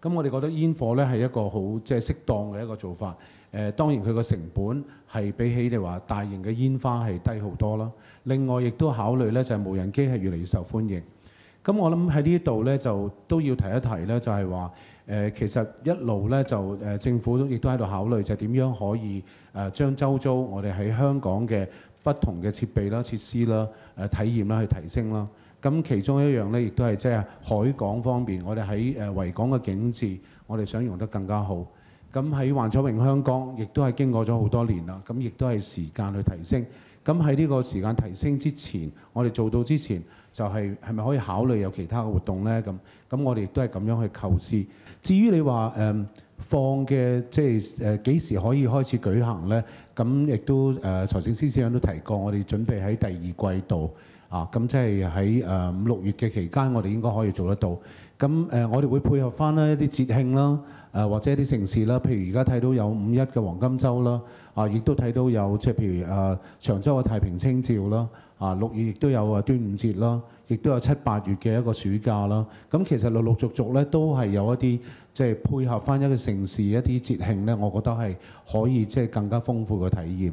咁我哋覺得煙火呢係一個好即係適當嘅一個做法。誒、呃、當然佢個成本係比起你話大型嘅煙花係低好多咯。另外亦都考慮呢就係無人機係越嚟越受歡迎。咁我諗喺呢度呢，就都要提一提呢，就係話誒其實一路呢，就、呃、誒政府亦都喺度考慮就點樣可以誒將周遭我哋喺香港嘅不同嘅設備啦、設施啦、誒、呃、體驗啦去提升啦。咁其中一樣咧，亦都係即係海港方面，我哋喺誒維港嘅景緻，我哋想用得更加好。咁喺幻彩詠香江，亦都係經過咗好多年啦。咁亦都係時間去提升。咁喺呢個時間提升之前，我哋做到之前、就係，就係係咪可以考慮有其他嘅活動呢？咁咁我哋亦都係咁樣去構思。至於你話誒、呃、放嘅即係誒幾時可以開始舉行呢？咁亦都誒財政司司長都提過，我哋準備喺第二季度。啊，咁即係喺誒五六月嘅期間，我哋應該可以做得到。咁誒、呃，我哋會配合翻咧一啲節慶啦，誒、呃、或者一啲盛事啦，譬如而家睇到有五一嘅黃金周啦，啊，亦都睇到有即係譬如誒、呃、長洲嘅太平清醮啦，啊六月亦都有誒端午節啦，亦都有七八月嘅一個暑假啦。咁其實陸陸續續咧都係有一啲即係配合翻一個盛事一啲節慶咧，我覺得係可以即係更加豐富嘅體驗。